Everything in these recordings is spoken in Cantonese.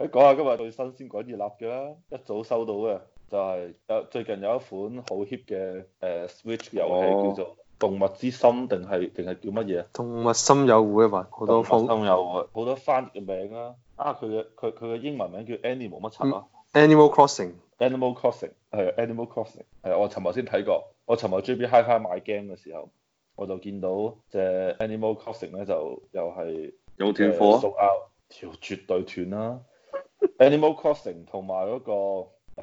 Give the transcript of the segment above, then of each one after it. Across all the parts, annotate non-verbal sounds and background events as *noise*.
誒講下今日最新鮮滾熱辣嘅啦，一早收到嘅就係、是、有最近有一款好 hit 嘅誒 Switch 遊戲、哦、叫做《動物之森》定係定係叫乜嘢啊？《動物森友會》啊嘛，好多翻譯嘅名啊！啊佢嘅佢佢嘅英文名叫 Animal 乜乜啊？Animal Crossing，Animal、嗯、Crossing 係 Animal Crossing 係我尋日先睇過，我尋日 JB Hi-Fi 買 game 嘅時候，我就見到隻 Animal Crossing 咧就又係有斷貨啊！條絕對斷啦～Animal Crossing 同埋嗰個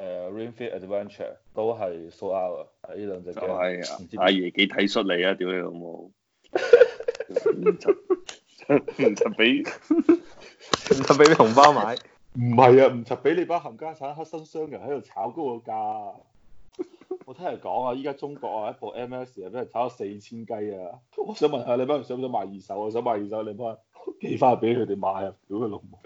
誒 Ring Fit Adventure 都係 sold out 啊！呢兩隻都係啊，唔知阿爺幾體恤你啊！屌你老母！唔柒唔柒俾唔柒俾你紅包買，唔係啊！唔柒俾你班冚家鏟黑心商人喺度炒高個價。我聽人講啊，依家中國啊一部 M S 啊俾人炒咗四千雞啊！我想問下你班想唔想買二手啊？想買二手你班寄翻去俾佢哋買啊！屌佢老母！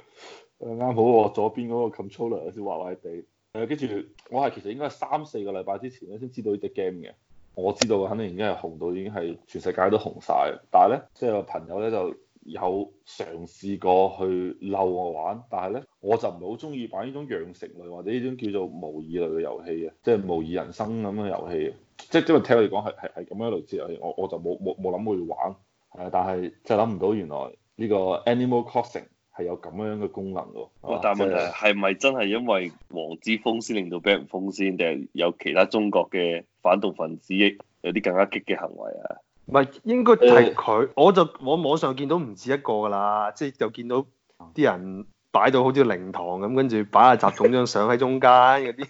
誒啱、嗯、好，我左邊嗰個 controller 有啲滑滑哋。誒、嗯，跟住我係其實應該係三四個禮拜之前咧，先知道呢隻 game 嘅。我知道我肯定已經係紅到已經係全世界都紅晒。但係咧，即係有朋友咧就有嘗試過去嬲我玩，但係咧我就唔係好中意玩呢種養成類或者呢種叫做模擬類嘅遊戲嘅，即係模擬人生咁嘅遊戲。即係因為聽佢哋講係係係咁樣類似，我我就冇冇冇諗去玩。係，但係就係諗唔到原來呢個 animal crossing。係有咁樣嘅功能喎，啊、但係問題係咪真係因為黃之鋒先令到俾人封先，定係有其他中國嘅反動分子有啲更加激嘅行為啊？唔係應該係佢、呃，我就往網上見到唔止一個㗎啦，即、就、係、是、就見到啲人擺到好似靈堂咁，跟住擺阿習總張相喺中間嗰啲。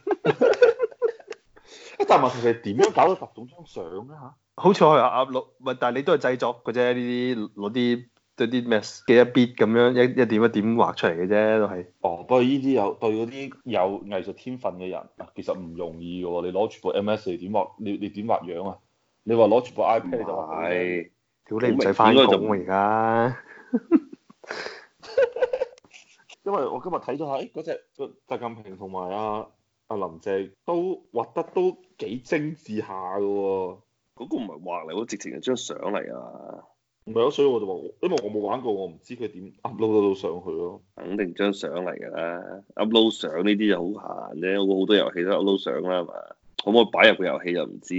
但問題係點樣搞到習總張相咧嚇？好彩我係阿老，唔、啊、係、啊、但係你都係製作嘅啫呢啲攞啲。對啲咩嘅一,一 bit 咁樣一一點一點畫出嚟嘅啫，都係。哦，不過呢啲有對嗰啲有藝術天分嘅人，其實唔容易嘅。你攞住部 M S 嚟點畫，你你點畫樣啊？你話攞住部 iPad 就唔、是、係，屌你唔使翻工而家。因為我今日睇咗下，嗰、哎、隻、那個習近平同埋阿阿林鄭都畫得都幾精致下噶。嗰、那個唔係畫嚟，我、那個、直情係張相嚟啊。唔係啊，所以我就話，因為我冇玩過，我唔知佢點 upload 得到上去咯。肯定張相嚟噶啦，upload 相呢啲就好閒，你有好多遊戲都 upload 相啦，係嘛？可唔可以擺入個遊戲又唔知？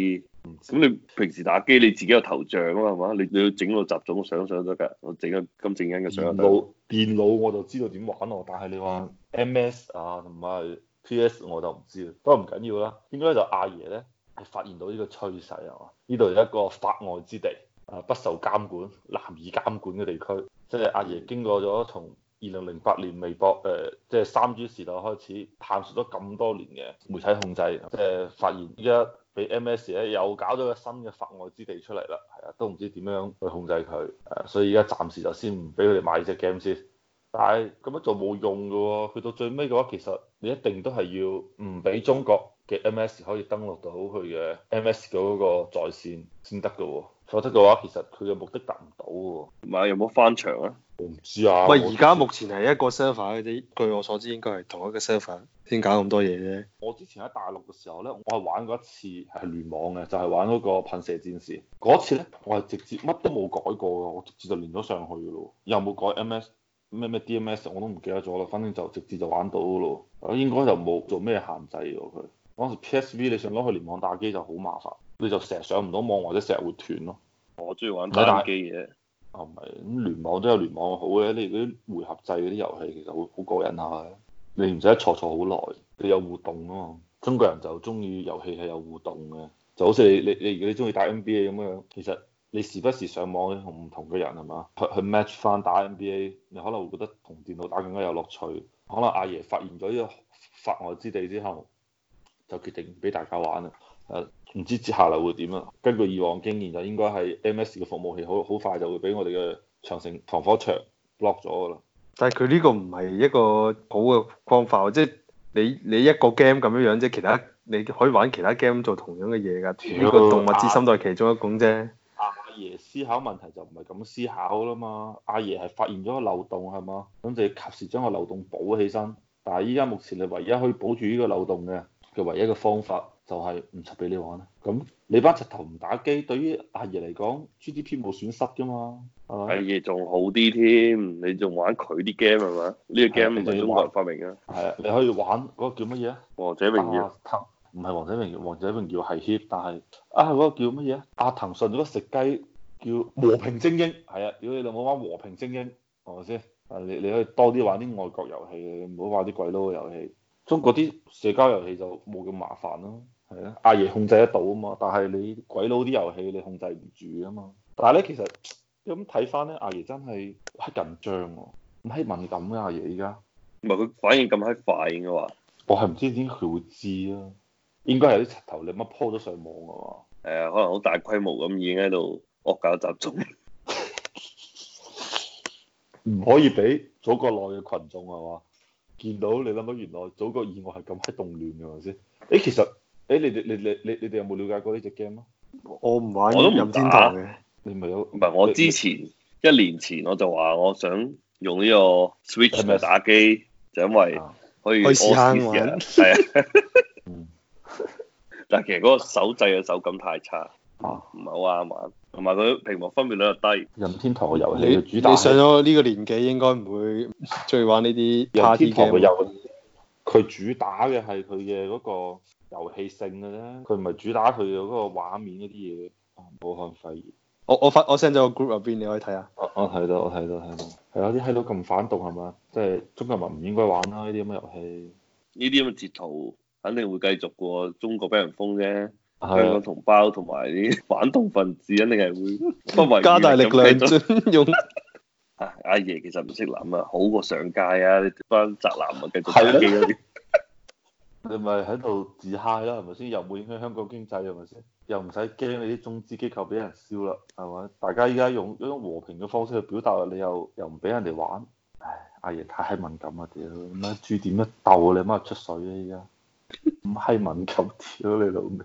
咁你平時打機你自己有頭像啊嘛，你你要整到雜種相相得噶，我整咗金正恩嘅相。電腦路吧電腦我就知道點玩咯，但係你話 M S 啊同埋 P S 我就唔知，不過唔緊要啦，應該就阿爺咧係發現到呢個趨勢啊嘛，呢度有一個法外之地。不受監管、難以監管嘅地區，即係阿爺經過咗從二零零八年微博誒、呃，即係三 G 時代開始探索咗咁多年嘅媒體控制，即係發現依家俾 M S 咧又搞咗個新嘅法外之地出嚟啦。係啊，都唔知點樣去控制佢。誒、呃，所以依家暫時就先唔俾佢哋買隻 game 先。但係咁樣做冇用㗎喎，哦，去到最尾嘅話，其實你一定都係要唔俾中國嘅 M S 可以登錄到佢嘅 M S 嘅嗰個在線先得㗎喎。否則嘅話，其實佢嘅目的達唔到喎。唔係有冇翻牆啊？我唔知啊。喂，而家目前係一個 server 嘅啫。據我所知應該係同一個 server 先搞咁多嘢啫。我之前喺大陸嘅時候咧，我係玩過一次係聯網嘅，就係、是、玩嗰個噴射戰士。嗰次咧，我係直接乜都冇改過嘅，我直接就連咗上去噶咯，又冇改 M S 咩咩 D M S，我都唔記得咗啦。反正就直接就玩到噶咯。啊，應該就冇做咩限制喎佢。當時 P S V 你想攞去聯網打機就好麻煩。你就成日上唔到網或者成日會斷咯、啊哦。我中意玩單機嘅。哦是，唔係、啊，咁聯網都有聯網好嘅。你嗰啲回合制嗰啲遊戲其實好好過癮下嘅。你唔使坐坐好耐，你有互動啊嘛。中國人就中意遊戲係有互動嘅，就好似你你你如果你中意打 NBA 咁嘅樣。其實你時不時上網同唔同嘅人係嘛去去 match 翻打 NBA，你可能會覺得同電腦打更加有樂趣。可能阿爺發現咗呢個法外之地之後，就決定俾大家玩啦。唔知接下嚟會點啊？根據以往經驗就應該係 MS 嘅服務器好好快就會俾我哋嘅長城防火牆 block 咗㗎啦。但係佢呢個唔係一個好嘅方法，即係你你一個 game 咁樣樣啫，其他你可以玩其他 game 做同樣嘅嘢㗎。呢個動物之心都係其中一種啫一、啊。阿爺思考問題就唔係咁思考啦嘛，阿爺係發現咗個漏洞係嘛，咁就、嗯、及時將個漏洞補起身。但係依家目前你唯一可以保住呢個漏洞嘅，佢唯一嘅方法。就係唔出俾你玩啦。咁你班柒頭唔打機，對於阿爺嚟講，GDP 冇損失噶嘛。阿爺仲好啲添，你仲玩佢啲 game 係咪？呢個 game 係中國人發明嘅。係啊，你可以玩嗰個叫乜嘢啊？王者榮耀。唔係王者榮耀，王者榮耀係 hit，但係啊嗰個叫乜嘢啊？阿騰訊嗰個食雞叫和平精英。係啊，屌你老母玩和平精英，係咪先？啊，你你可以多啲玩啲外國遊戲嘅，唔好玩啲鬼佬嘅遊戲。中國啲社交遊戲就冇咁麻煩咯。阿、啊、爺控制得到啊嘛，但係你鬼佬啲遊戲你控制唔住啊嘛。但係咧，其實咁睇翻咧，阿、啊、爺真係係緊張喎、啊，咁閪敏感啊！阿、啊、爺依家唔係佢反應咁閪快嘅話，我係唔知點佢會知啊。應該係啲柒頭你乜鋪都上網係嘛？可能好大規模咁已經喺度惡搞集中，唔 *laughs* *laughs* 可以俾祖國內嘅群眾係嘛見到你諗到原來祖國以外係咁閪動亂嘅係咪先？誒，其實。誒、欸，你哋你你你你哋有冇了解過呢隻 game 啊？我唔玩任天堂，我都唔打嘅。你咪有？唔係我之前你一年前我就話我想用呢個 Switch 去打機，是是就因為可以試下玩係啊。但係其實嗰個手掣嘅手感太差啊，唔係好啱玩。同埋佢屏幕分辨率又低。任天堂嘅遊戲主打你。你上咗呢個年紀，應該唔會中意玩呢啲任天堂嘅遊戲。佢主打嘅係佢嘅嗰個。遊戲性嘅啫，佢唔係主打佢嘅嗰個畫面嗰啲嘢。啊，武漢肺炎，我我發我 send 咗個 group 入邊，你可以睇下我。我我睇到，我睇到，睇到。係啊，啲閪佬咁反動係嘛？即係中國人唔應該玩啦，呢啲咁嘅遊戲。呢啲咁嘅截圖，肯定會繼續嘅喎。中國俾人封啫，係啊，香港同胞同埋啲反動分子，肯定係會不遺加大力量進用。啊，阿爺其實唔識諗啊，好過上街啊！你班宅男繼續打機你咪喺度自嗨咯，係咪先？又冇影響香港經濟，係咪先？又唔使驚你啲中資機構俾人燒啦，係咪？大家依家用一種和平嘅方式去表達，你又又唔俾人哋玩。唉，阿爺太閪敏感啊！屌，咁啊豬點一斗啊？你媽出水啊！依家唔係敏感屌你老味。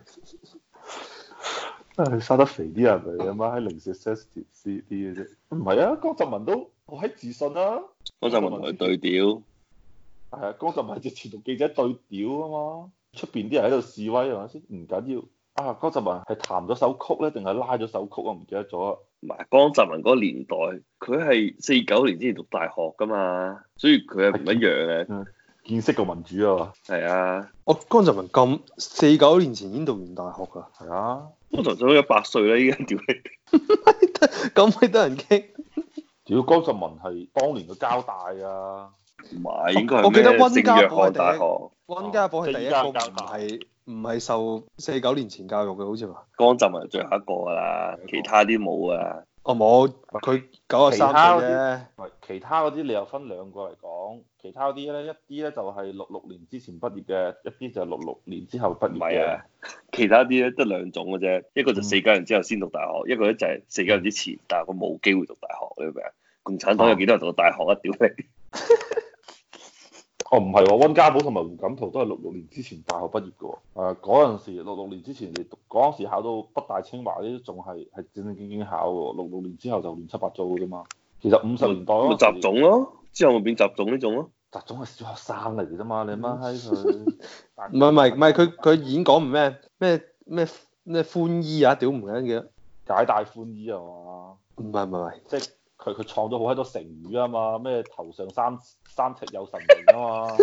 *laughs* 你生得肥啲係咪？你媽喺零食 sexy 啲嘅啫。唔係啊，江澤民都好喺自信啦、啊。江澤民同佢對調。係啊，江澤民直情同記者對調啊嘛，出邊啲人喺度示威啊，咪先？唔緊要啊，江澤民係彈咗首曲咧，定係拉咗首曲啊？唔記得咗。唔係，江澤民嗰個年代，佢係四九年之前讀大學噶嘛，所以佢係唔一樣嘅、嗯，見識個民主啊嘛。係啊的，我江澤民咁四九年前已經讀完大學噶，係啊，我仲想一百歲啦，依家屌你，咁咪 *laughs* 得人驚。屌 *laughs* 江澤民係當年嘅交大啊！唔係，應該係咩？温家寶係第温家寶係第一個唔係唔係受四九年前教育嘅，好似嘛？江澤民最後一個啦，其他啲冇啊。我冇，佢九啊三啫。其他啲你又分兩個嚟講，其他啲咧一啲咧就係六六年之前畢業嘅，一啲就六六年之後畢業。唔係啊，其他啲咧得兩種嘅啫，一個就四九年之後先讀大學，嗯、一個咧就係四九年之前但係佢冇機會讀大學，你明唔明共產黨有幾多人讀到大學啊？屌你！哦，唔係喎，溫家寶同埋胡錦濤都係六六年之前大學畢業嘅喎。誒、uh，嗰時六六年之前你讀，嗰陣時考到北大、清華呢都仲係係正正經經考喎。六六年之後就亂七八糟嘅啫嘛。其實五十年代，咪習種咯，之後咪變習種呢種咯。習種係小學生嚟嘅啫嘛，你媽閪佢？唔係唔係唔係，佢佢演講唔咩咩咩咩寬衣啊，屌唔緊嘅，解帶寬衣啊嘛。唔係唔係，即係。Petits, 就是佢創咗好多成語啊嘛，咩頭上三三尺有神明啊嘛，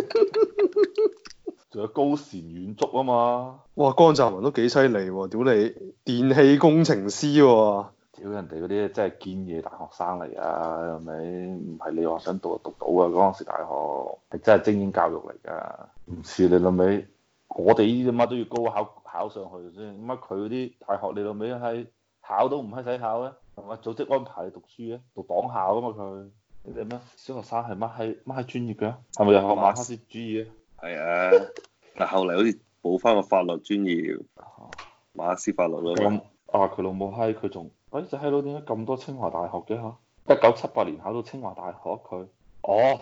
仲 *laughs* 有高瞻遠矚啊嘛，哇，哇江澤民都幾犀利喎，屌你電氣工程師喎、啊，屌人哋嗰啲真係堅嘢大學生嚟啊，係咪？唔係你話想讀就讀到嘅，嗰、那、陣、個、時大學係真係精英教育嚟噶，唔似你老尾，我哋啲乜都要高考考上去先，乜佢嗰啲大學你老尾喺。是考都唔閪使考嘅，係嘛？組織安排你讀書嘅，讀黨校噶嘛佢。你哋咩小學生係乜閪乜閪專業嘅？係咪又學馬克思主義啊？係啊，但後嚟好似補翻個法律專業，馬克思法律啊，佢老母閪，佢仲，喂、哎，隻閪佬點解咁多清華大學嘅嚇？一九七八年考到清華大學佢。哦，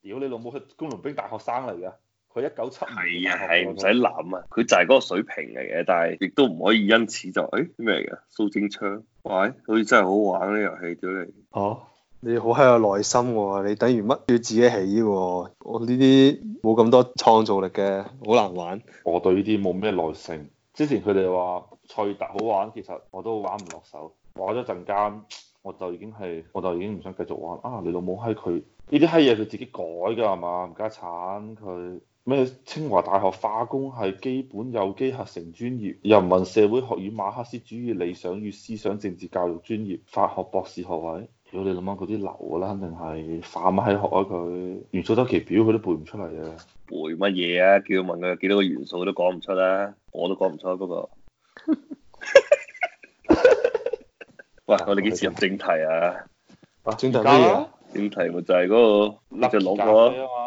屌你老母係工農兵大學生嚟嘅。佢一九七五，係啊係，唔使諗啊，佢就係嗰個水平嚟嘅，但係亦都唔可以因此就誒咩嚟嘅？蘇貞昌，喂，佢真係好玩呢遊戲，屌你！吓、啊，你好閪有耐心喎、哦，你等於乜要自己起嘅、哦，我呢啲冇咁多創造力嘅，好難玩。我對呢啲冇咩耐性，之前佢哋話《賽特》好玩，其實我都玩唔落手，玩咗陣間我就已經係，我就已經唔想繼續玩啊！你老母閪佢，呢啲閪嘢佢自己改噶係嘛，唔加產佢。咩清華大學化工係基本有機合成專業，人民社會學院馬克思主義理想與思想政治教育專業，法學博士學位。如果你諗下嗰啲流啦，肯定係化學係學啊佢元素周期表佢都背唔出嚟嘅，背乜嘢啊？叫佢問佢幾多個元素佢都講唔出啦、啊，我都講唔出嗰、啊嗰個。喂， *laughs* 我哋幾時入正題啊？正題咩嘢？正題咪就係嗰個粒在落個。